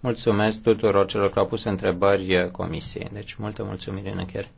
Mulțumesc tuturor celor care au pus întrebări comisiei. Deci, multă mulțumire în încheiere.